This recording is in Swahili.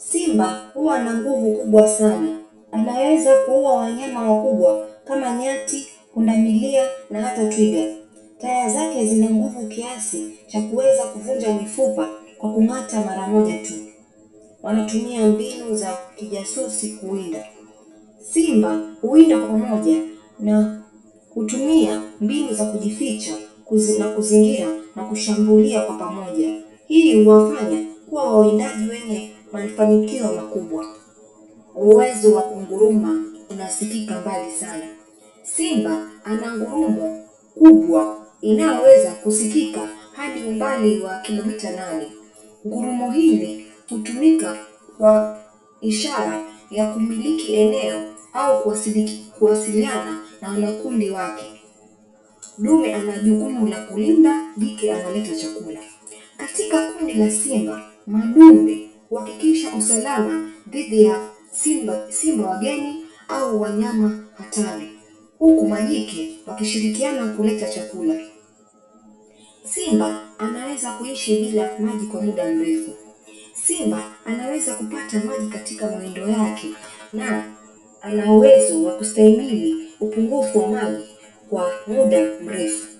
Simba huwa na nguvu kubwa sana, anaweza kuua wanyama wakubwa kama nyati, pundamilia na hata twiga. Taya zake zina nguvu kiasi cha kuweza kuvunja mifupa kwa kung'ata mara moja tu. Wanatumia mbinu za kijasusi kuwinda. Simba huwinda kwa pamoja na kutumia mbinu za kujificha kuzi, na kuzingira na kushambulia kwa pamoja. Hii huwafanya kuwa wawindaji wenye mafanikio makubwa. Uwezo wa kunguruma unasikika mbali sana. Simba ana ngurumo kubwa inayoweza kusikika hadi umbali wa kilomita nane. Ngurumo hili hutumika kwa ishara ya kumiliki eneo au kuwasiliana na wanakundi wake. Dume ana jukumu la kulinda, jike analeta chakula. Katika kundi la simba, madume kuhakikisha usalama dhidi ya simba, simba wageni au wanyama hatari, huku majike wakishirikiana kuleta chakula. Simba anaweza kuishi bila maji kwa muda mrefu. Simba anaweza kupata maji katika mawindo yake na ana uwezo wa kustahimili upungufu wa maji kwa muda mrefu.